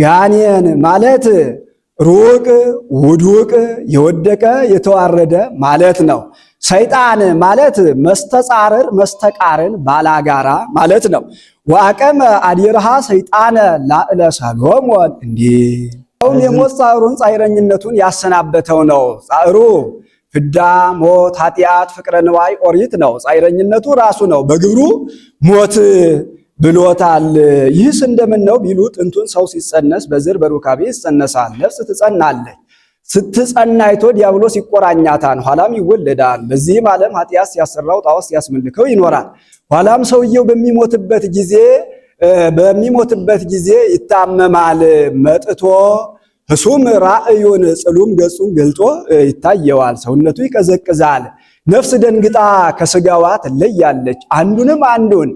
ጋኔን ማለት ሩቅ ውዱቅ የወደቀ የተዋረደ ማለት ነው። ሰይጣን ማለት መስተጻርር መስተቃርን ባላጋራ ማለት ነው። ወአቀመ አዲርሃ ሰይጣነ ላዕለ ሰሎሞን እንዲህ አሁን የሞት ጻዕሩን ያሰናበተው ነው። ጻዕሩ ፍዳ፣ ሞት፣ ኃጢአት፣ ፍቅረ ንዋይ፣ ኦሪት ነው። ጻይረኝነቱ ራሱ ነው። በግብሩ ሞት ብሎታል። ይህስ እንደምን ነው ቢሉ ጥንቱን ሰው ሲጸነስ በዝር በሩካቤ ይጸነሳል። ነፍስ ትጸናለች። ስትጸና አይቶ ዲያብሎስ ይቆራኛታን፣ ኋላም ይወለዳል። በዚህም ዓለም ኃጢአት ሲያሰራው ጣዖት ሲያስመልከው ይኖራል። ኋላም ሰውየው በሚሞትበት ጊዜ በሚሞትበት ጊዜ ይታመማል። መጥቶ እሱም ራእዩን ጽሉም ገጹን ገልጦ ይታየዋል። ሰውነቱ ይቀዘቅዛል። ነፍስ ደንግጣ ከስጋዋ ትለያለች። አንዱንም አንዱን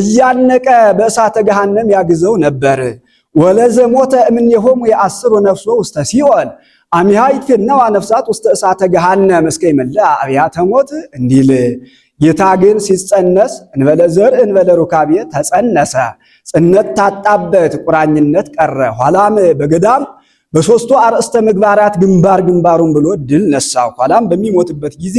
እያነቀ በእሳተ ገሃነም ያግዘው ነበር። ወለዘ ሞተ እምኔሆሙ የአስሩ ነፍሶ ውስተ ሲኦል አሚሃይት ነው ነፍሳት ውስተ እሳተ ገሃነም እስከ ይመለ አብያተ ሞት እንዲል ጌታ ግን ሲጸነስ እንበለ ዘር እንበለ ሩካቤ ተጸነሰ። ጽነት ታጣበት፣ ቁራኝነት ቀረ። ኋላም በገዳም በሶስቱ አርእስተ ምግባራት ግንባር ግንባሩን ብሎ ድል ነሳው። ኋላም በሚሞትበት ጊዜ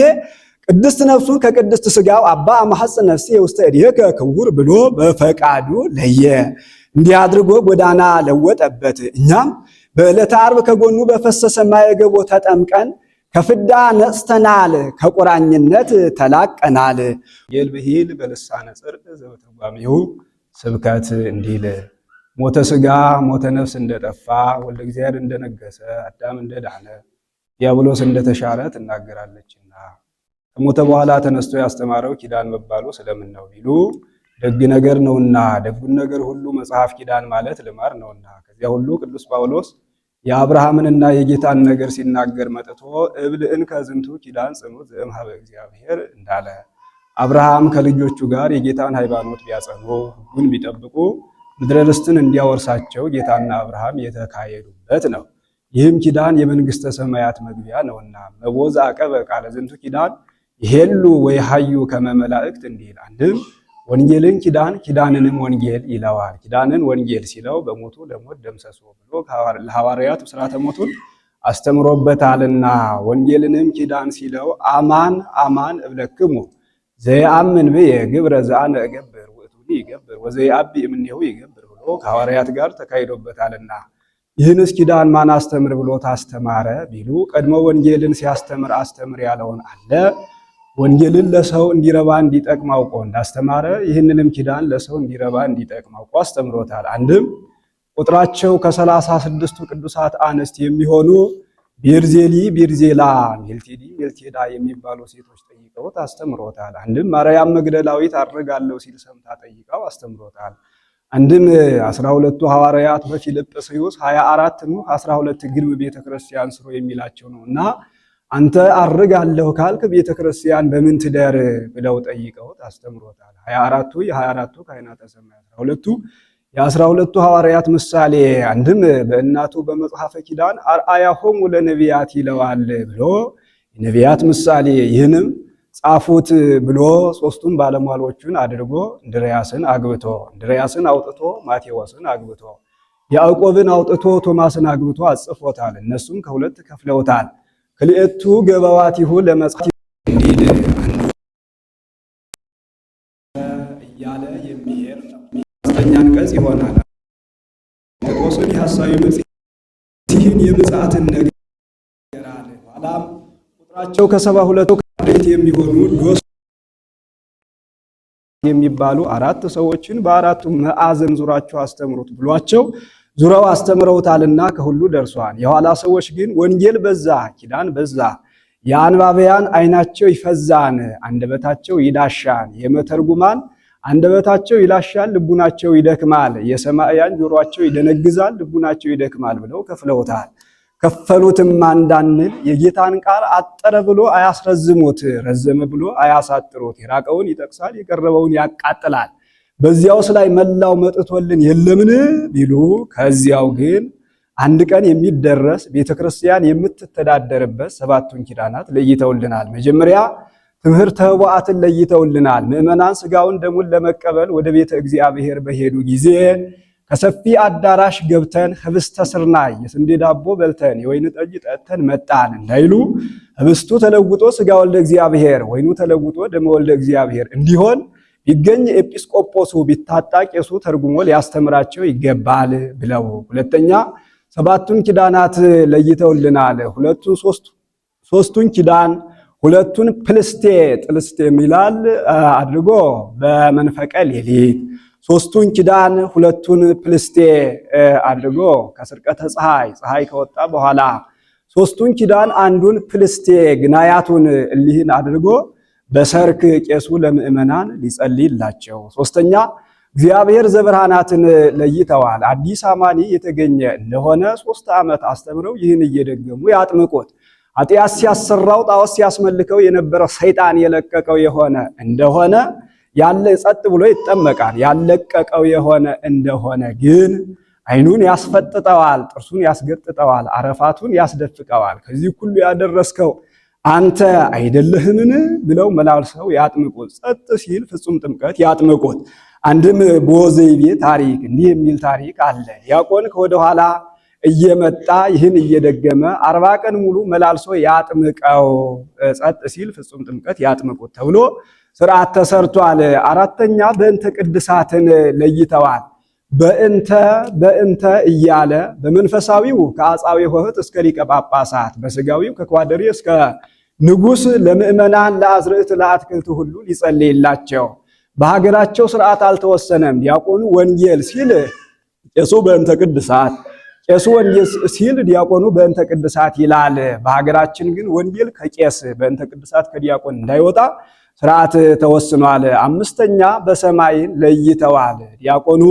ቅድስት ነፍሱን ከቅድስት ስጋው አባ ማሐፅእ ነፍሴ የውስተ እዴከ ክቡር ብሎ በፈቃዱ ለየ። እንዲህ አድርጎ ጎዳና ለወጠበት። እኛም በዕለተ ዓርብ ከጎኑ በፈሰሰ ማየ ገቦ ተጠምቀን ከፍዳ ነጽተናል፣ ከቁራኝነት ተላቀናል። የልብሂል በልሳነ ጽርቅ ዘበተጓሚሁ ስብከት እንዲል ሞተ ስጋ ሞተ ነፍስ እንደጠፋ ወልደ እግዚአብሔር እንደነገሰ አዳም እንደዳነ ዲያብሎስ እንደተሻረ ትናገራለች። ከሞተ በኋላ ተነስቶ ያስተማረው ኪዳን መባሉ ስለምን ነው ቢሉ ደግ ነገር ነውና፣ ደጉን ነገር ሁሉ መጽሐፍ ኪዳን ማለት ልማር ነውና። ከዚያ ሁሉ ቅዱስ ጳውሎስ የአብርሃምንና የጌታን ነገር ሲናገር መጥቶ እብልን ከዝንቱ ኪዳን ጽኑት ዘእምኀበ እግዚአብሔር እንዳለ አብርሃም ከልጆቹ ጋር የጌታን ሃይማኖት ቢያጸኑ ሕጉን ቢጠብቁ ምድረ ርስትን እንዲያወርሳቸው ጌታና አብርሃም የተካሄዱበት ነው። ይህም ኪዳን የመንግሥተ ሰማያት መግቢያ ነውና መቦዝ አቀበ ቃለ ዝንቱ ኪዳን ይሄሉ ወይ ሀዩ ከመ መላእክት ይላል። አንድም ወንጌልን ኪዳን ኪዳንንም ወንጌል ይለዋል። ኪዳንን ወንጌል ሲለው በሞቱ ለሞት ደምሰሶ ብሎ ለሐዋርያት ስርዓተ ሞቱን አስተምሮበታልና ወንጌልንም ኪዳን ሲለው አማን አማን እብለክሙ ዘይአምን ብየ ግብረ ዘአነ እገብር ውእቱኒ ይገብር ወዘየአቢ እምኔሁ ይገብር ብሎ ከሐዋርያት ጋር ተካሂዶበታልና ይህንስ ኪዳን ማን አስተምር ብሎ ታስተማረ ቢሉ ቀድሞ ወንጌልን ሲያስተምር አስተምር ያለውን አለ ወንጌልን ለሰው እንዲረባ እንዲጠቅም አውቆ እንዳስተማረ ይህንንም ኪዳን ለሰው እንዲረባ እንዲጠቅም አውቆ አስተምሮታል። አንድም ቁጥራቸው ከሰላሳ ስድስቱ ቅዱሳት አንስት የሚሆኑ ቤርዜሊ፣ ቤርዜላ፣ ሜልቴዲ፣ ሜልቴዳ የሚባሉ ሴቶች ጠይቀውት አስተምሮታል። አንድም ማርያም መግደላዊት አድርጋለሁ ሲል ሰምታ ጠይቀው አስተምሮታል። አንድም አስራ ሁለቱ ሐዋርያት በፊልጵስዩስ ሀያ አራት አስራ ሁለት ቤተክርስቲያን ስሩ የሚላቸው ነው እና አንተ አርጋለሁ ካልክ ቤተ ክርስቲያን በምን ትደር ብለው ጠይቀውት አስተምሮታል። ሀያ አራቱ የሀያ አራቱ ካህናተ ሰማይ አስራ ሁለቱ የአስራ ሁለቱ ሐዋርያት ምሳሌ አንድም በእናቱ በመጽሐፈ ኪዳን ሆሙ ለነቢያት ይለዋል ብሎ የነቢያት ምሳሌ ይህንም ጻፉት ብሎ ሶስቱም ባለሟሎቹን አድርጎ እንድርያስን አግብቶ እንድርያስን አውጥቶ ማቴዎስን አግብቶ ያዕቆብን አውጥቶ ቶማስን አግብቶ አጽፎታል። እነሱም ከሁለት ከፍለውታል። ህልኤቱ ገባዋቲሁ ለመጽሐፍ እንዲል እያለ የሚሄድ ስተኛ አንቀጽ ይሆናል። ቆሶን የሐሳዊ መጽሐፍ ይህን የምጽአትን ነገር አለ። ኋላም ቁጥራቸው ከሰባ ሁለቱ ከአንዴት የሚሆኑ ሎስ የሚባሉ አራት ሰዎችን በአራቱ መዓዘን ዙራቸው አስተምሩት ብሏቸው ዙረው አስተምረውታልና ከሁሉ ደርሷል። የኋላ ሰዎች ግን ወንጌል በዛ፣ ኪዳን በዛ፣ የአንባቢያን አይናቸው ይፈዛን፣ አንደበታቸው ይዳሻል የመተርጉማን አንደበታቸው ይላሻል፣ ልቡናቸው ይደክማል፣ የሰማያን ጆሮአቸው ይደነግዛል፣ ልቡናቸው ይደክማል ብለው ከፍለውታል። ከፈሉትም አንዳንል የጌታን ቃል አጠረ ብሎ አያስረዝሙት፣ ረዘመ ብሎ አያሳጥሩት። የራቀውን ይጠቅሳል፣ የቀረበውን ያቃጥላል። በዚያውስ ላይ መላው መጥቶልን የለምን ቢሉ ከዚያው ግን አንድ ቀን የሚደረስ ቤተክርስቲያን የምትተዳደርበት ሰባቱን ኪዳናት ለይተውልናል። መጀመሪያ ትምህርተ ኅቡዓትን ለይተውልናል። ምዕመናን ስጋውን ደሙን ለመቀበል ወደ ቤተ እግዚአብሔር በሄዱ ጊዜ ከሰፊ አዳራሽ ገብተን ህብስተ ስርናይ የስንዴ ዳቦ በልተን የወይን ጠጅ ጠጥተን መጣን እንዳይሉ ህብስቱ ተለውጦ ስጋ ወልደ እግዚአብሔር፣ ወይኑ ተለውጦ ደመ ወልደ እግዚአብሔር እንዲሆን ቢገኝ ኤጲስቆጶሱ ቢታጣ ቄሱ ተርጉሞ ሊያስተምራቸው ይገባል ብለው፣ ሁለተኛ ሰባቱን ኪዳናት ለይተውልናል። ሁለቱን ሶስቱን ኪዳን ሁለቱን ፕልስቴ ጥልስቴ የሚላል አድርጎ በመንፈቀ ሌሊት ሶስቱን ኪዳን ሁለቱን ፕልስቴ አድርጎ ከስርቀተ ፀሐይ ፀሐይ ከወጣ በኋላ ሶስቱን ኪዳን አንዱን ፕልስቴ ግናያቱን እሊህን አድርጎ በሰርክ ቄሱ ለምእመናን ሊጸልይላቸው። ሶስተኛ እግዚአብሔር ዘብርሃናትን ለይተዋል አዲስ አማኒ የተገኘ እንደሆነ ሶስት ዓመት አስተምረው ይህን እየደገሙ ያጥምቁት። ኃጢአት ሲያሰራው ጣዖት ሲያስመልከው የነበረ ሰይጣን የለቀቀው የሆነ እንደሆነ ያለ ጸጥ ብሎ ይጠመቃል። ያለቀቀው የሆነ እንደሆነ ግን አይኑን ያስፈጥጠዋል፣ ጥርሱን ያስገጥጠዋል፣ አረፋቱን ያስደፍቀዋል። ከዚህ ሁሉ ያደረስከው አንተ አይደለህምን ብለው መላልሰው ያጥምቁት። ጸጥ ሲል ፍጹም ጥምቀት ያጥምቁት። አንድም ቦዘይቤ ታሪክ እንዲህ የሚል ታሪክ አለ። ዲያቆን ከወደኋላ እየመጣ ይህን እየደገመ አርባ ቀን ሙሉ መላልሶ ያጥምቀው፣ ጸጥ ሲል ፍጹም ጥምቀት ያጥምቁት ተብሎ ስርዓት ተሰርቷል። አራተኛ በእንተ ቅድሳትን ለይተዋል። በእንተ በእንተ እያለ በመንፈሳዊው ከአጻዊ ሆህት እስከ ሊቀ ጳጳሳት በስጋዊው ከኳደሪ እስከ ንጉስ ለምእመናን ለአዝርእት ለአትክልት ሁሉ ሊጸልይላቸው በሀገራቸው ስርዓት አልተወሰነም። ዲያቆኑ ወንጌል ሲል ቄሱ በእንተ ቅድሳት፣ ቄሱ ወንጌል ሲል ዲያቆኑ በእንተ ቅድሳት ይላል። በሀገራችን ግን ወንጌል ከቄስ በእንተ ቅድሳት ከዲያቆን እንዳይወጣ ስርዓት ተወስኗል። አምስተኛ በሰማይ ለይተዋል ዲያቆኑ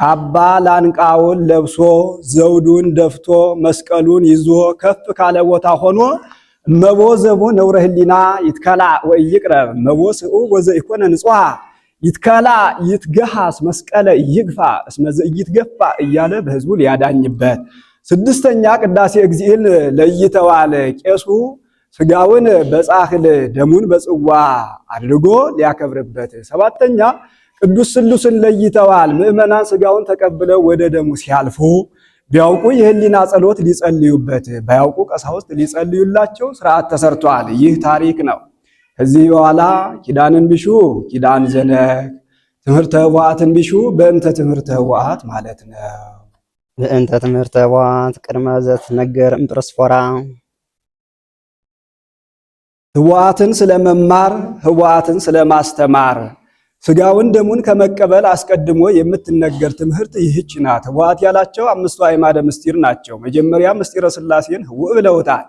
ካባ ላንቃውን ለብሶ ዘውዱን ደፍቶ መስቀሉን ይዞ ከፍ ካለ ቦታ ሆኖ እመቦ ዘቡ ነውረ ህሊና ወይ ወኢይቅረብ እመቦ ስኡ ይኮነ ንጹሐ ይትከላእ ይትገሃስ መስቀለ ይግፋ እስመ ዘኢይትገፋ እያለ በህዝቡ ሊያዳኝበት። ስድስተኛ ቅዳሴ እግዚእን ለይተዋል። ቄሱ ስጋውን በጻህል ደሙን በጽዋ አድርጎ ሊያከብርበት። ሰባተኛ ቅዱስ ስሉስን ለይተዋል። ምእመናን ስጋውን ተቀብለው ወደ ደሙ ሲያልፉ ቢያውቁ የህሊና ጸሎት ሊጸልዩበት፣ ባያውቁ ቀሳውስት ሊጸልዩላቸው ስርዓት ተሰርቷል። ይህ ታሪክ ነው። ከዚህ በኋላ ኪዳንን ቢሹ ኪዳን ዘነክ ትምህርተ ኅቡዓትን ቢሹ በእንተ ትምህርተ ኅቡዓት ማለት ነው። በእንተ ትምህርተ ኅቡዓት ቅድመ ነገር እምጵርስፎራ ኅቡዓትን ስለመማር ኅቡዓትን ስለማስተማር ስጋውን ደሙን ከመቀበል አስቀድሞ የምትነገር ትምህርት ይህች ናት። ዋት ያላቸው አምስቱ አይማደ ምስጢር ናቸው። መጀመሪያ ምስጢረ ስላሴን ህውእ ብለውታል።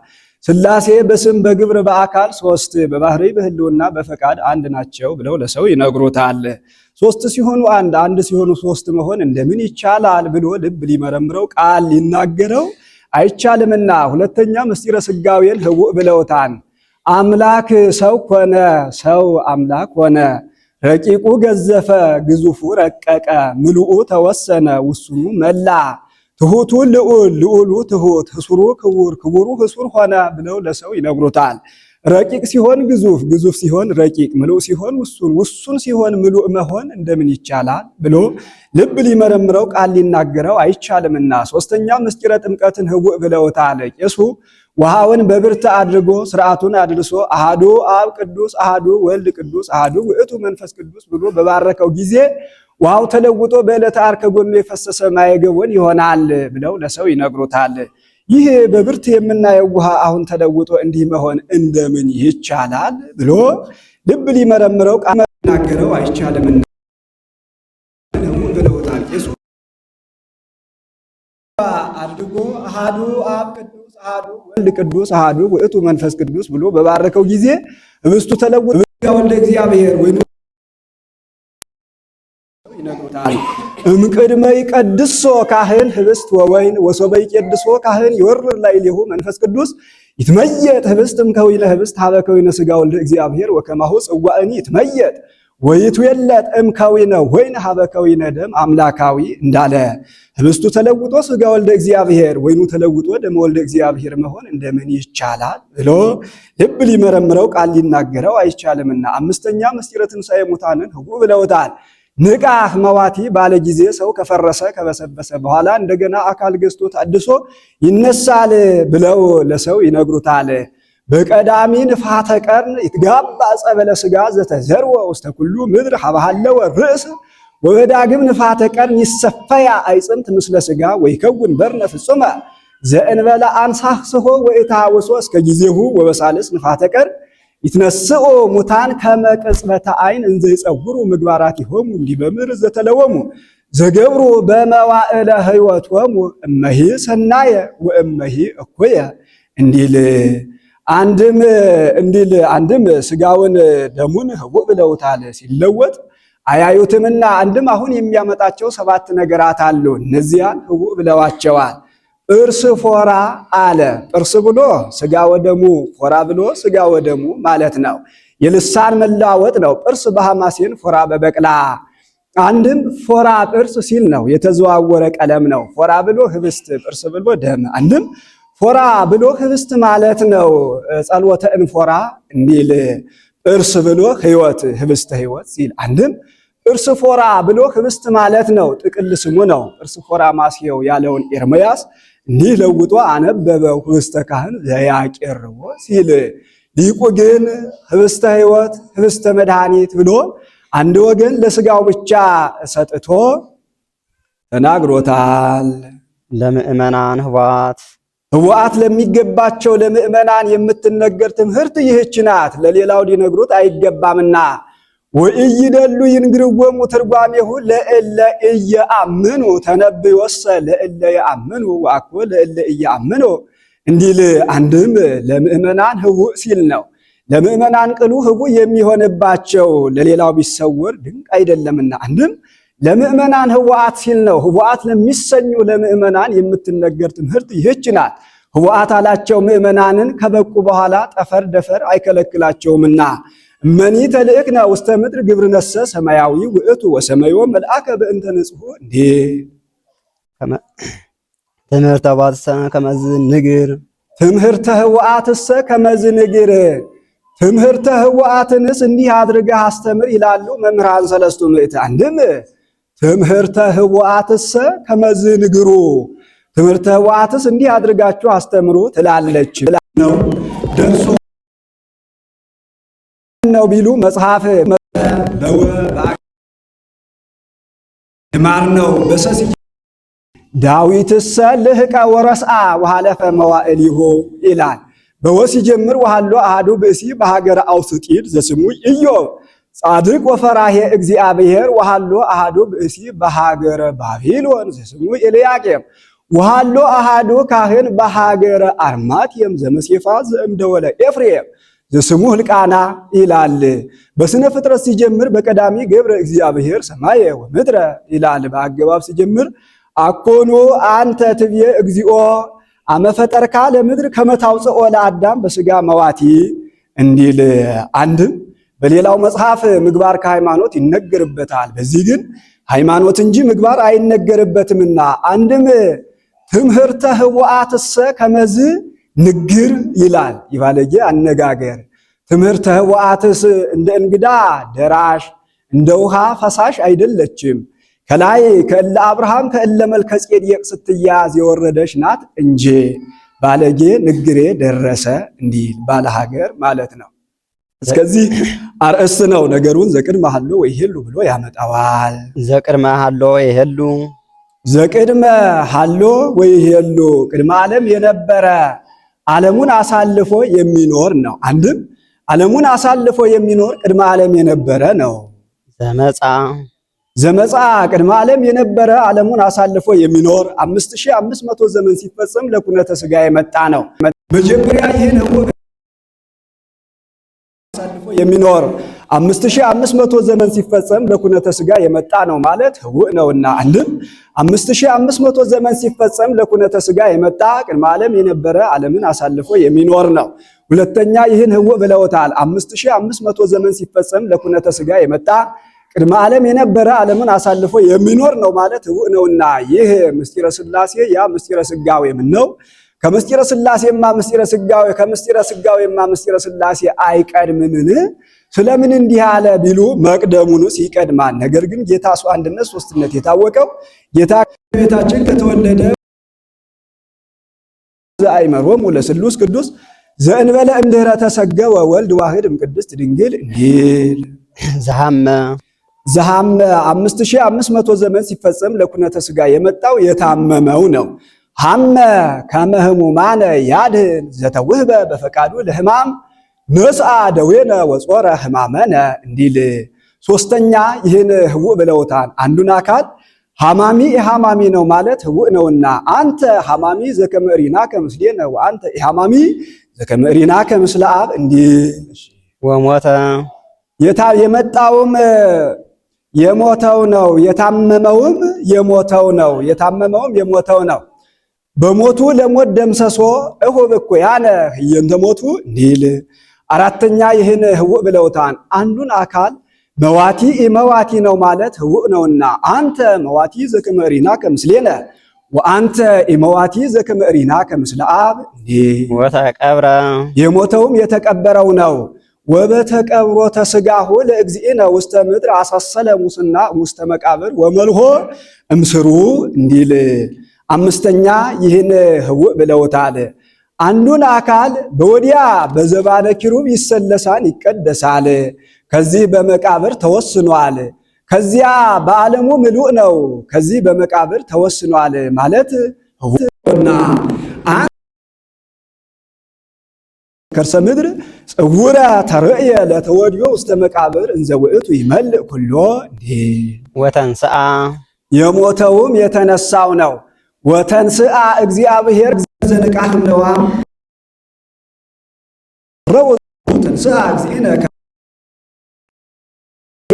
ስላሴ በስም በግብር በአካል ሶስት፣ በባህሪ በህልውና በፈቃድ አንድ ናቸው ብለው ለሰው ይነግሩታል። ሶስት ሲሆኑ አንድ፣ አንድ ሲሆኑ ሶስት መሆን እንደምን ይቻላል ብሎ ልብ ሊመረምረው ቃል ሊናገረው አይቻልምና። ሁለተኛ ምስጢረ ሥጋዌን ህውእ ብለውታል። አምላክ ሰው ኮነ፣ ሰው አምላክ ሆነ ረቂቁ ገዘፈ ግዙፉ ረቀቀ ምልኡ ተወሰነ ውሱኑ መላ ትሁቱ ልዑል ልዑሉ ትሁት ህሱሩ ክቡር ክቡሩ ህሱር ሆነ ብለው ለሰው ይነግሩታል። ረቂቅ ሲሆን ግዙፍ፣ ግዙፍ ሲሆን ረቂቅ፣ ምሉእ ሲሆን ውሱን፣ ውሱን ሲሆን ምሉእ መሆን እንደምን ይቻላል ብሎ ልብ ሊመረምረው ቃል ሊናገረው አይቻልምና። ሶስተኛ ምስጢረ ጥምቀትን ህውእ ብለውታል ቄሱ ውሃውን በብርት አድርጎ ስርዓቱን አድርሶ አሃዱ አብ ቅዱስ አሃዱ ወልድ ቅዱስ አሃዱ ውእቱ መንፈስ ቅዱስ ብሎ በባረከው ጊዜ ውሃው ተለውጦ በዕለተ ዓርብ ከጎኑ የፈሰሰ ማየ ገቦን ይሆናል ብለው ለሰው ይነግሩታል። ይህ በብርት የምናየው ውሃ አሁን ተለውጦ እንዲህ መሆን እንደምን ይቻላል ብሎ ልብ ሊመረምረው ቃል መናገረው አይቻልም ብለውታል። ቄሱ አድጎ አሃዱ አብ ቅዱስ አሃዱ ወልድ ቅዱስ አሃዱ ውእቱ መንፈስ ቅዱስ ብሎ በባረከው ጊዜ ህብስቱ ተለውጦ ወልደ እግዚአብሔር ወይ ይነግሩታል። እምቅድመ ይቀድሶ ካህን ህብስት ወወይን ወሶበ ይቀድሶ ካህን ይወርድ ላዕሌሁ መንፈስ ቅዱስ ይትመየጥ ህብስትም ከዊነ ህብስት ሀበ ከዊነ ሥጋ ወልደ እግዚአብሔር ወከማሁ ጽዋእኒ ይትመየጥ ወይትዌለጥ እምከዊነ ወይን ሀበ ከዊነ ደም አምላካዊ እንዳለ ህብስቱ ተለውጦ ስጋ ወልደ እግዚአብሔር ወይኑ ተለውጦ ደም ወልደ እግዚአብሔር መሆን እንደምን ይቻላል ብሎ ልብ ሊመረምረው ቃል ሊናገረው አይቻልምና። አምስተኛ ምስጢረ ትንሣኤ ሙታንን ብለውታል። ንቃህ መዋቲ ባለ ጊዜ ሰው ከፈረሰ ከበሰበሰ በኋላ እንደገና አካል ገዝቶ ታድሶ ይነሳል ብለው ለሰው ይነግሩታል። በቀዳሚ ንፋተ ቀርን ይትጋባ ጸበለ ስጋ ዘተዘርወ ውስተ ኩሉ ምድር ሀባሃለወ ርእስ ወበዳግም ንፋተ ቀርን ይሰፈያ አይጽምት ምስለ ስጋ ወይከውን በርነ ፍጹመ ዘእንበለ አንሳህ ስሆ ወእታ ወሶ እስከ ጊዜሁ ወበሳልስ ንፋተ ቀር ይትነስኡ ሙታን ከመቅጽበተ ዓይን እንዘ ይጸውሩ ምግባራቲሆሙ እንዲበምር ዘተለወሙ ዘገብሩ በመዋዕለ ሕይወቶሙ እመሂ ሰናየ ወእመሂ እኩየ እንዲል አንድም እንዲል አንድም ስጋውን ደሙን ህቡእ ብለውታል ሲለወጥ አያዩትምና አንድም አሁን የሚያመጣቸው ሰባት ነገራት አሉ። እነዚያን ህቡእ ብለዋቸዋል። እርስ ፎራ አለ። እርስ ብሎ ስጋ ወደሙ፣ ፎራ ብሎ ስጋ ወደሙ ማለት ነው። የልሳን መለዋወጥ ነው። እርስ በሐማሴን ፎራ በበቅላ አንድም ፎራ ጥርስ ሲል ነው። የተዘዋወረ ቀለም ነው። ፎራ ብሎ ህብስት፣ ጥርስ ብሎ ደም። አንድም ፎራ ብሎ ህብስት ማለት ነው። ጸሎተ እንፎራ እንዲል እርስ ብሎ ህይወት፣ ህብስተ ህይወት ሲል አንድም እርስ ፎራ ብሎ ህብስት ማለት ነው። ጥቅል ስሙ ነው። እርስ ፎራ ማስየው ያለውን ኤርምያስ እኒህ ለውጦ አነበበ ህብስተ ካህን ዘያቄርዎ ሲል ሊቁ ግን ህብስተ ህይወት ህብስተ መድኃኒት ብሎ አንድ ወገን ለስጋው ብቻ ሰጥቶ ተናግሮታል። ለምእመናን ህዋት ህዋት ለሚገባቸው ለምእመናን የምትነገር ትምህርት ይህች ናት፣ ለሌላው ሊነግሩት አይገባምና ወኢይደሉ ይንግርወሙ ትርጓሜሁ ለእለ ኢየአምኑ ተነብዮሰ ለእለ የአምኑ ወአኮ ለእለ ኢየአምኑ እንዲል አንድም ለምእመናን ህቡእ ሲል ነው። ለምእመናን ቅሉ ህቡእ የሚሆንባቸው ለሌላው ቢሰወር ድንቅ አይደለምና፣ አንድም ለምእመናን ህቡአት ሲል ነው። ህቡአት ለሚሰኙ ለምእመናን የምትነገር ትምህርት ይህች ናት። ህቡአት አላቸው ምእመናንን ከበቁ በኋላ ጠፈር ደፈር አይከለክላቸውምና መኒ ተልእክና ውስተ ምድር ግብርነሰ ሰማያዊ ውእቱ ወሰማዮ መልአከ በእንተ ንጽሑ እንዴ ትምህርተ ባትሰ ከመዝ ንግር ትምህርተ ህዋአትሰ ከመዝ ንግር ትምህርተ ህዋአትንስ እንዲህ አድርገህ አስተምር ይላሉ መምህራን ሰለስቱ ምዕት። አንድም ትምህርተ ህዋአትሰ ከመዝ ንግሩ ትምህርተ ህዋአትስ እንዲህ አድርጋችሁ አስተምሩ ትላለች ነው ደርሶ ነው ቢሉ መጽሐፍ በወ ማር ነው በሰስ ዳዊትሰ ልህቀ ወረስአ ወሃለፈ መዋዕሊሁ ይላል። በወሲ ጀምር ወሃሎ አሃዱ ብእሲ በሀገረ አውስጢድ ዘስሙ ኢዮብ ጻድቅ ወፈራሄ እግዚአብሔር ወሃሎ አሃዱ ብእሲ በሀገረ ባቢሎን ዘስሙ ኤልያቄም ወሃሎ አሃዱ ካህን በሀገረ አርማትየም ዘመሴፋ ዘእምደወለ ኤፍሬም ዘስሙህ ልቃና ይላል። በስነ ፍጥረት ሲጀምር በቀዳሚ ገብረ እግዚአብሔር ሰማየ ወምድረ ይላል። በአገባብ ሲጀምር አኮኑ አንተ ትብየ እግዚኦ አመፈጠርካ ለምድር ከመታውፅኦ ለአዳም በስጋ መዋቲ እንዲል አንድም በሌላው መጽሐፍ ምግባር ከሃይማኖት ይነገርበታል። በዚህ ግን ሃይማኖት እንጂ ምግባር አይነገርበትምና አንድም ትምህርተ ህቡአትሰ ከመዝ ንግር ይላል ይባለጌ አነጋገር ትምህርተ ኅቡአትስ እንደ እንግዳ ደራሽ እንደ ውሃ ፈሳሽ አይደለችም። ከላይ ከእለ አብርሃም ከእለ መልከ ስትያዝ የወረደች ናት እንጂ ባለጌ ንግሬ ደረሰ እንዲል ባለ ሀገር ማለት ነው። እስከዚህ አርእስ ነው ነገሩን ዘቅድመ ሀሎ ወይሄሉ ብሎ ያመጣዋል። ዘቅድመ ሀሎ ወይሄሉ ዘቅድመ ሀሎ ወይሄሉ ቅድመ ዓለም የነበረ ዓለሙን አሳልፎ የሚኖር ነው። አንድም ዓለሙን አሳልፎ የሚኖር ቅድመ ዓለም የነበረ ነው። ዘመጻ ዘመጻ ቅድመ ዓለም የነበረ ዓለሙን አሳልፎ የሚኖር 5500 ዘመን ሲፈጸም ለኩነተ ስጋ የመጣ ነው። መጀመሪያ ይህን አሳልፎ የሚኖር አምስት ሺህ አምስት መቶ ዘመን ሲፈጸም ለኩነተ ስጋ የመጣ ነው ማለት ህውእ ነውና አልም አምስት ሺህ አምስት መቶ ዘመን ሲፈጸም ለኩነተ ስጋ የመጣ ቅድመ ዓለም የነበረ ዓለምን አሳልፎ የሚኖር ነው። ሁለተኛ ይህን ህውእ ብለውታል። አምስት ሺህ አምስት መቶ ዘመን ሲፈጸም ለኩነተ ስጋ የመጣ ቅድመ ዓለም የነበረ ዓለምን አሳልፎ የሚኖር ነው ማለት ህውእ ነውና ይህ ምስጢረ ስላሴ ያ ምስጢረ ሥጋዌ ምን ነው? ከምስጢረ ስላሴማ ምስጢረ ሥጋዌ ከምስጢረ ሥጋዌማ ምስጢረ ስላሴ አይቀድምምን? ስለምን እንዲህ አለ ቢሉ መቅደሙን ይቀድማል። ነገር ግን ጌታ እሱ አንድነት ሶስትነት የታወቀው ጌታ ቤታችን ከተወለደ ዘአይመሮም ለስሉስ ቅዱስ ዘእንበለ እምድኅረ ተሰገወ ወልድ ዋህድ እምቅድስት ድንግል ዲል ዘሐመ ዘሐመ 5500 ዘመን ሲፈጸም ለኩነተ ሥጋ የመጣው የታመመው ነው። ሐመ ከመህሙ ማነ ያድኅን ዘተውህበ በፈቃዱ ለህማም ንስአ ደዌነ ወጾረ ህማመነ እንዲል። ሶስተኛ ይህን ህውእ ብለውታል። አንዱን አካል ሃማሚ ኢሃማሚ ነው ማለት ህውእ ነውና አንተ ሃማሚ ዘከመሪናከ ከምስሌነ ወአንተ ኢሃማሚ ዘከመሪናከ ምስለ አብ እንዲል። ወሞተ የመጣውም የሞተው ነው፣ የታመመውም የሞተው ነው፣ የታመመውም የሞተው ነው። በሞቱ ለሞት ደምሰሶ እሁብ ያነ ህየንተ ሞቱ እንዲል አራተኛ ይህን ህውእ ብለውታን አንዱን አካል መዋቲ መዋቲ ነው ማለት ህውእ ነውና አንተ መዋቲ ዘከመሪና ከምስሌነ ወአንተ ኢመዋቲ ዘከመሪና ከምስለ አብ ወተቀብረ የሞተውም የተቀበረው ነው። ወበተቀብሮ ተስጋሁ ለእግዚእነ ውስተ ምድር አሳሰለ ሙስና ውስተ መቃብር ወመልሆ እምስሩ እንዲል። አምስተኛ ይህን ህውእ ብለውታል። አንዱን አካል በወዲያ በዘባነ ኪሩብ ይሰለሳል፣ ይቀደሳል። ከዚህ በመቃብር ተወስኗል። ከዚያ በዓለሙ ምሉእ ነው። ከዚህ በመቃብር ተወስኗል ማለት ና ከርሰ ምድር ጽውረ ተርእየ ለተወድዮ ውስተ መቃብር እንዘ ውእቱ ይመልእ ኩሎ ወተንስአ የሞተውም የተነሳው ነው። ወተንስአ እግዚአብሔር ዘንቃሕለዋ ረወትንስአ እግዚእነ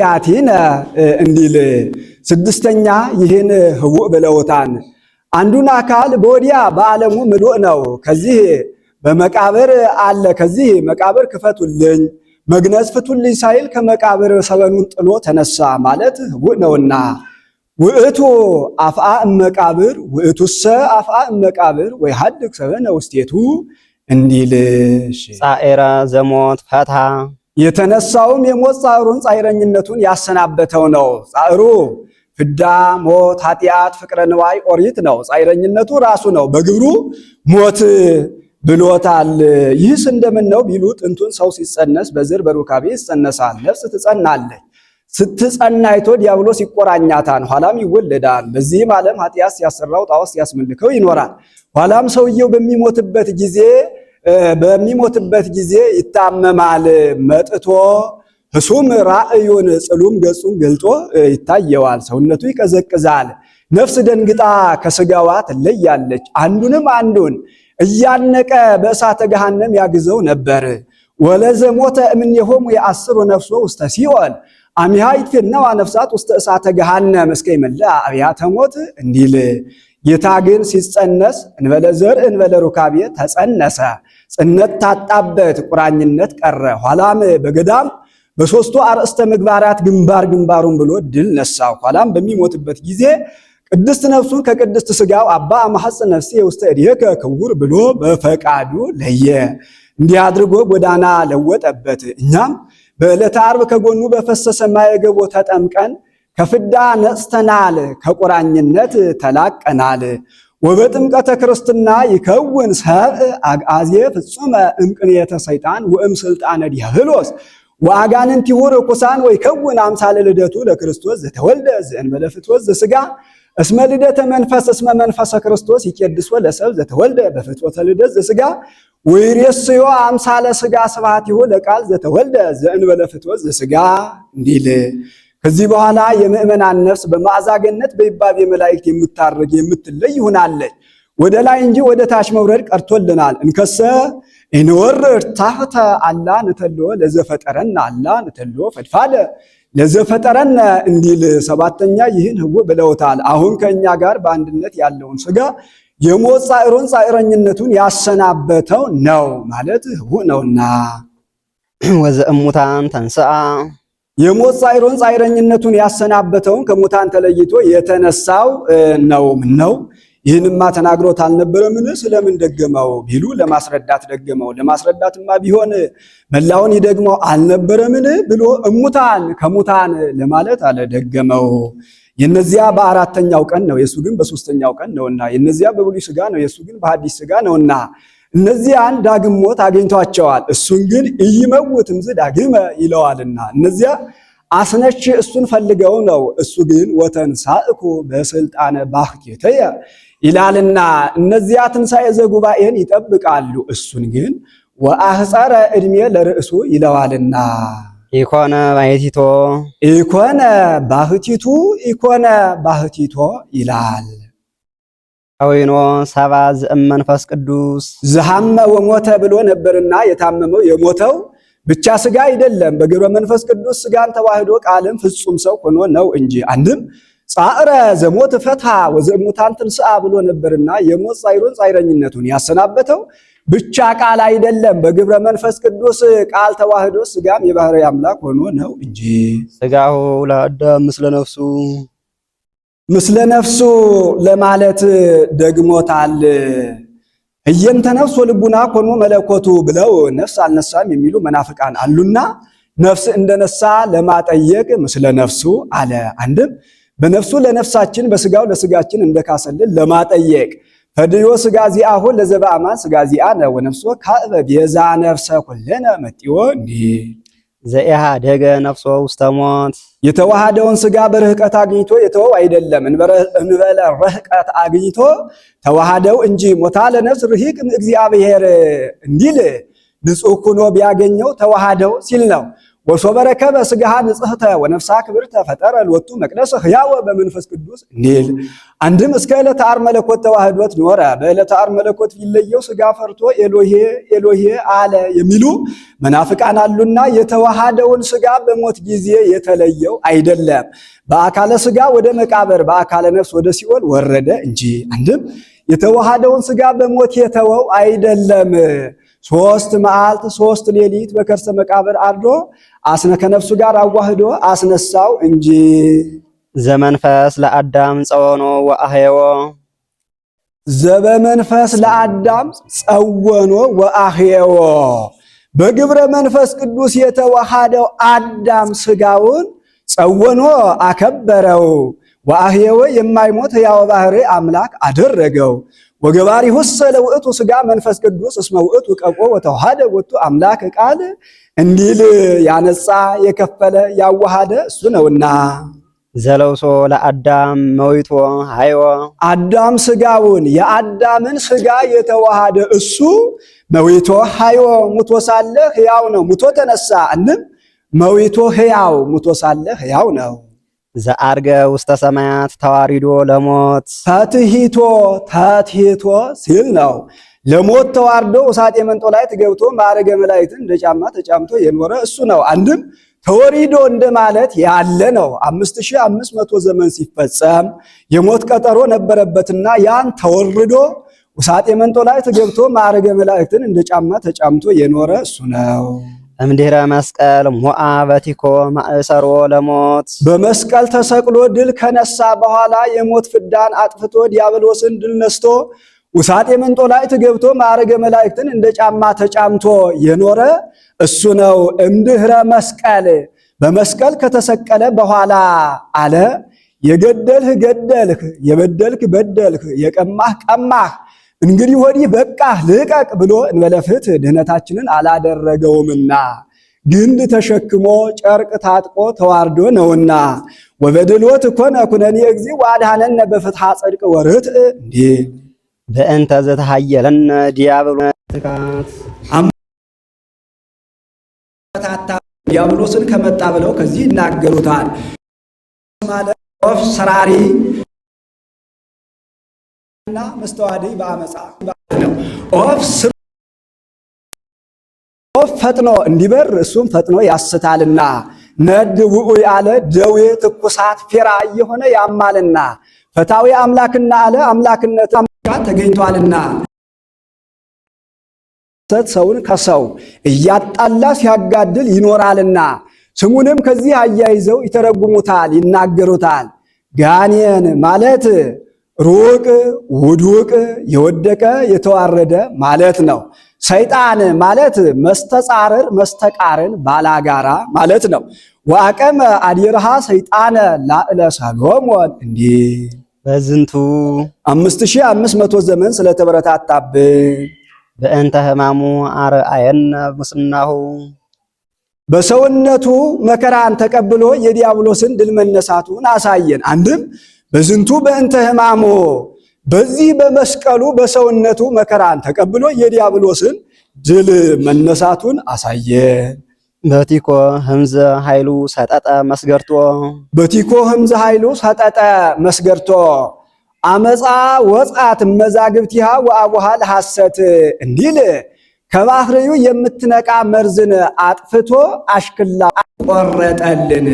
ያቲነ እንዲል ስድስተኛ ይህን ህውእ ብለውታን አንዱን አካል በወዲያ በዓለሙ ምሉእ ነው። ከዚህ በመቃብር አለ ከዚህ መቃብር ክፈቱልኝ መግነዝ ፍቱልኝ ሳይል ከመቃብር ሰበኑን ጥሎ ተነሳ ማለት ህውእ ነውና ውእቱ አፍአ እመቃብር ውእቱሰ አፍአ እመቃብር ወይ ሀድግ ሰበነ ውስቴቱ እንዲልሽ ጻኤራ ዘሞት ፈታ የተነሳውም የሞት ጻዕሩን ጻይረኝነቱን ያሰናበተው ነው። ጻዕሩ ፍዳ፣ ሞት፣ ኃጢአት፣ ፍቅረ ንዋይ፣ ኦሪት ነው። ጻይረኝነቱ ራሱ ነው። በግብሩ ሞት ብሎታል። ይህስ እንደምን ነው ቢሉ ጥንቱን ሰው ሲጸነስ በዝር በሩካቤ ይጸነሳል። ነፍስ ትጸናለች። ስትጸናይቶ አይቶ ዲያብሎስ ይቆራኛታን ኋላም ይወለዳል። በዚህም ዓለም ኃጢአት ሲያሰራው ጣዖት ሲያስመልከው ይኖራል። ኋላም ሰውየው በሚሞትበት ጊዜ በሚሞትበት ጊዜ ይታመማል። መጥቶ ህሱም ራእዩን ጽሉም ገጹን ገልጦ ይታየዋል። ሰውነቱ ይቀዘቅዛል። ነፍስ ደንግጣ ከስጋዋ ትለያለች። አንዱንም አንዱን እያነቀ በእሳተ ገሃነም ያግዘው ነበር። ወለዘ ሞተ እምኔሆሙ የአስሩ ነፍሶ ውስተ ሲኦል አሚሃይት ነዋ ነፍሳት ውስተ እሳተ ገሃነም እስከ ይመልአ አብያተ ሞት እንዲል ጌታ ግን ሲጸነስ እንበለ ዘር እንበለ ሩካቤ ተጸነሰ። ጽነት ታጣበት፣ ቁራኝነት ቀረ። ኋላም በገዳም በሶስቱ አርእስተ ምግባራት ግንባር ግንባሩን ብሎ ድል ነሳው። ኋላም በሚሞትበት ጊዜ ቅድስት ነፍሱን ከቅድስት ስጋው አባ አማሐፅእ ነፍሴ ውስተ እዴከ ክቡር ብሎ በፈቃዱ ለየ። እንዲህ አድርጎ ጎዳና ለወጠበት እኛም በዕለተ ዓርብ ከጎኑ በፈሰሰ ማየ ገቦ ተጠምቀን ከፍዳ ነጽተናል፣ ከቁራኝነት ተላቀናል። ወበጥምቀተ ክርስትና ይከውን ሰብእ አግአዜ ፍጹመ እምቅንየተ ሰይጣን ወእም ስልጣነ ዲያብሎስ ወአጋንንቲሁ ርኩሳን ወይከውን አምሳለ ልደቱ ለክርስቶስ ዘተወልደ ዘእንበለ ፍትወት ዘሥጋ እስመ ልደተ መንፈስ እስመ መንፈሰ ክርስቶስ ይቄድሶ ወለሰብ ዘተወልደ በፍትወተ ልደት ዘሥጋ ወይሬስዮ አምሳለ ስጋ ስብሐት ይሁን ለቃል ዘተወልደ ዘእንበለ ፍትወት ዘስጋ እንዲል ከዚህ በኋላ የምእመናን ነፍስ በማዕዛገነት በይባቤ መላእክት የምታርግ የምትለይ ይሆናለች። ወደ ላይ እንጂ ወደ ታች መውረድ ቀርቶልናል። እንከሰ እንወርድ ታሕተ አላ ንተልዎ ለዘፈጠረነ አላ ንተልዎ ፈድፋለ ለዘፈጠረነ እንዲል ሰባተኛ ይህን ህው ብለውታል። አሁን ከእኛ ጋር በአንድነት ያለውን ስጋ የሞት ጻዕሮን ጻዕረኝነቱን ያሰናበተው ነው ማለት ህቡዕ ነውና፣ ወዘእም ሙታን የሞት ጻዕሮን ጻዕረኝነቱን ያሰናበተውን ከሙታን ተለይቶ የተነሳው ነው። ምን ነው ይህንማ ተናግሮት አልነበረምን? ስለምን ደገመው ቢሉ ለማስረዳት ደገመው። ለማስረዳትማ ቢሆን መላውን ይደግመው አልነበረምን ብሎ እሙታን ከሙታን ለማለት አለ ደገመው። የነዚያ በአራተኛው ቀን ነው፣ የእሱ ግን በሶስተኛው ቀን ነውና፣ የነዚያ በብሉይ ስጋ ነው፣ የእሱ ግን በሐዲስ ስጋ ነውና፣ እነዚያን ዳግም ሞት አግኝቷቸዋል። እሱን ግን ኢይመውት እምዝ ዳግመ ይለዋልና እነዚያ አስነች እሱን ፈልገው ነው። እሱ ግን ወተንሳእኮ በስልጣነ ባሕቲትየ ይላልና እነዚያ ትንሣኤ ዘጉባኤን ይጠብቃሉ። እሱን ግን ወአህፀረ እድሜ ለርእሱ ይለዋልና ኢኮነ ባህቲቶ ኢኮነ ባህቲቱ ኢኮነ ባህቲቶ ይላል። አወይኖ ሰባ ዝእም መንፈስ ቅዱስ ዝሃመ ወሞተ ብሎ ነበርና የታመመው የሞተው ብቻ ስጋ አይደለም፣ በግብረ መንፈስ ቅዱስ ስጋን ተዋህዶ ቃልም ፍጹም ሰው ሆኖ ነው እንጂ። አንድም ጻዕረ ዘሞት ፈታ ወዘሙታን ትንስአ ብሎ ነበርና የሞት ጻይሮን ጻይረኝነቱን ያሰናበተው ብቻ ቃል አይደለም። በግብረ መንፈስ ቅዱስ ቃል ተዋህዶ ስጋም የባህሪ አምላክ ሆኖ ነው እንጂ ስጋሁ ለአዳም ምስለ ነፍሱ ምስለ ነፍሱ ለማለት ደግሞታል። እየንተ ነፍስ ወልቡና ኮኑ መለኮቱ ብለው ነፍስ አልነሳም የሚሉ መናፍቃን አሉና ነፍስ እንደነሳ ለማጠየቅ ምስለ ነፍሱ አለ። አንድም በነፍሱ ለነፍሳችን በስጋው ለስጋችን እንደካሰልን ለማጠየቅ ፈድዮ ስጋ ዚአሁ ለዘበአማ ስጋ ዚአነ ወነፍሶ ካብበ ቤዛ ነፍሰ ኩለነ መጢዮ እንዲል ዘኢሃደገ ነፍሶ ውስተ ሞት የተዋሃደውን ስጋ በርህቀት አግኝቶ የተወው አይደለም፣ እንበለ ርህቀት አግኝቶ ተዋሃደው እንጂ ሞታ ለነፍስ ርሂቅ እምእግዚአብሔር እንዲል ንጹሕ ሆኖ ቢያገኘው ተዋሃደው ሲል ነው። ወሶበ ረከበ ስጋሃ ንጽህተ ወነፍሳ ክብርተ ፈጠረ ሎቱ መቅደስ ህያወ በመንፈስ ቅዱስ ኒል። አንድም እስከ ዕለተ አር መለኮት ተዋህዶት ኖረ። በዕለተ አር መለኮት ቢለየው ስጋ ፈርቶ ኤሎሄ ኤሎሄ አለ የሚሉ መናፍቃን አሉና የተዋሃደውን ስጋ በሞት ጊዜ የተለየው አይደለም። በአካለ ስጋ ወደ መቃብር፣ በአካለ ነፍስ ወደ ሲኦል ወረደ እንጂ። አንድም የተዋሃደውን ስጋ በሞት የተወው አይደለም። ሶስት መዓልት ሶስት ሌሊት በከርሰ መቃብር አድሮ አስነ ከነፍሱ ጋር አዋህዶ አስነሳው እንጂ ዘመንፈስ ለአዳም ጸወኖ ወአህየዎ ዘበመንፈስ ለአዳም ጸወኖ ወአህየዎ በግብረ መንፈስ ቅዱስ የተዋሃደው አዳም ስጋውን ጸወኖ አከበረው፣ ወአህየወ የማይሞት ሕያው ባሕርይ አምላክ አደረገው። ወገባሪ ሁሰ ለውእቱ ስጋ መንፈስ ቅዱስ እስመ ውእቱ ቀቆ ወተዋሃደ ወቱ አምላክ ቃል እንዲል ያነጻ የከፈለ ያዋሃደ እሱ ነውና ዘለውሶ ለአዳም መዊቶ ሃይወ አዳም ስጋውን የአዳምን ስጋ የተዋሃደ እሱ መዊቶ ሃይወ ሙቶ ሳለ ሕያው ነው። ሙቶ ተነሳ እንም መዊቶ ሕያው ሙቶ ሳለ ሕያው ነው። ዘአርገ ውስተ ሰማያት ተዋሪዶ ለሞት ታትሂቶ ታትሂቶ ሲል ነው። ለሞት ተዋርዶ ውሳጤ መንጦ ላይ ትገብቶ ማዕረገ መላእክትን እንደ ጫማ ተጫምቶ የኖረ እሱ ነው። አንድም ተወሪዶ እንደማለት ያለ ነው። 5500 ዘመን ሲፈጸም የሞት ቀጠሮ ነበረበትና ያን ተወርዶ ውሳጤ መንጦ ላይ ትገብቶ ማዕረገ መላእክትን እንደ ጫማ ተጫምቶ የኖረ እሱ ነው። እምድህረ መስቀል ሞአ በቲኮ ማእሰሮ ለሞት በመስቀል ተሰቅሎ ድል ከነሳ በኋላ የሞት ፍዳን አጥፍቶ ዲያብሎስን ድል ነስቶ ውሳጤ ምንጦላዕት ገብቶ ማዕረገ መላእክትን እንደ ጫማ ተጫምቶ የኖረ እሱ ነው። እምድህረ መስቀል በመስቀል ከተሰቀለ በኋላ አለ የገደልህ ገደልህ፣ የበደልክ በደልክ፣ የቀማህ ቀማህ እንግዲህ ወዲህ በቃ ልቀቅ ብሎ እንበለ ፍትሕ ድህነታችንን አላደረገውምና ግንድ ተሸክሞ ጨርቅ ታጥቆ ተዋርዶ ነውና ወበድሎት እኮነ ኩነኒ እግዚ ወአድኀነነ በፍትሐ ጽድቅ ወርትዕ እንዴ በእንተ ዘተሃየለነ ዲያብሎስካት ዲያብሎስን ከመጣ ብለው ከዚህ ይናገሩታል ማለት ወፍ ሰራሪ እና መስተዋድይ በአመፃ ኦፍ ፈጥኖ እንዲበር እሱም ፈጥኖ ያስታልና ነድ ውኡ ያለ ደዌ ትኩሳት ፌራ እየሆነ ያማልና ፈታዊ አምላክና አለ አምላክነት ተገኝቷልና ሰውን ከሰው እያጣላ ሲያጋድል ይኖራልና ስሙንም ከዚህ አያይዘው ይተረጉሙታል፣ ይናገሩታል። ጋኔን ማለት ሩቅ ውድውቅ የወደቀ የተዋረደ ማለት ነው። ሰይጣን ማለት መስተጻርር መስተቃርን ባላጋራ ማለት ነው። ወአቀመ አዲርሃ ሰይጣን ላዕለ ሰሎሞን እንዲህ በዝንቱ አምስት ሺህ አምስት መቶ ዘመን ስለተበረታታብን በእንተ ህማሙ አርአየነ ሙስናሁ በሰውነቱ መከራን ተቀብሎ የዲያብሎስን ድል መነሳቱን አሳየን። አንድም በዝንቱ በእንተ ሕማሞ በዚህ በመስቀሉ በሰውነቱ መከራን ተቀብሎ የዲያብሎስን ድል መነሳቱን አሳየ በቲኮ ህምዘ ኃይሉ ሰጠጠ መስገርቶ በቲኮ ህምዘ ኃይሉ ሰጠጠ መስገርቶ አመፃ ወፃት መዛግብቲሃ ወአቡሃ ለሐሰት እንዲል ከባህሪው የምትነቃ መርዝን አጥፍቶ አሽክላ ቆረጠልን።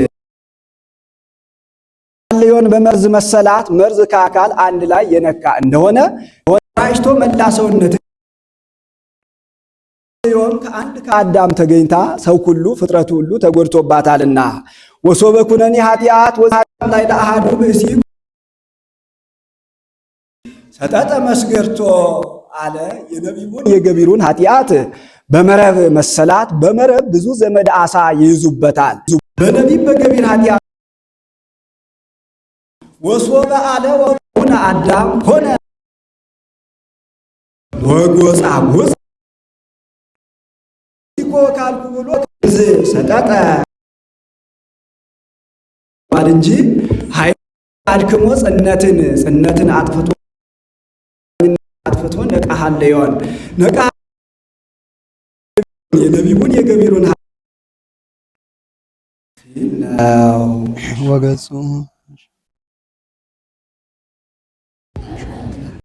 ጸልዮን በመርዝ መሰላት መርዝ ከአካል አንድ ላይ የነካ እንደሆነ ወራጅቶ መላ ሰውነት ጸልዮን ከአንድ ከአዳም ተገኝታ ሰው ሁሉ ፍጥረቱ ሁሉ ተጎድቶባታልና ወሶበ ኩነኔ ኃጢአት ወዛም ላይ ለአሃዱ ብእሲ ሰጠጠ መስገርቶ አለ የነቢቡን የገቢሩን ኃጢአት በመረብ መሰላት በመረብ ብዙ ዘመድ አሳ ይይዙበታል። በነቢብ በገቢር ኃጢአት ወሶበ አለ ወሁነ አዳም ሆነ ወጎጻሙስ ይቆ ካልኩ ብሎ ግዝ ሰጠጠ ባል እንጂ ኃይል አድክሞ ጽነትን ጽነትን አጥፍቶ አጥፍቶ ነቃሃለ ይሆን ነቃ የነቢቡን የገቢሩን ነው ወገጹ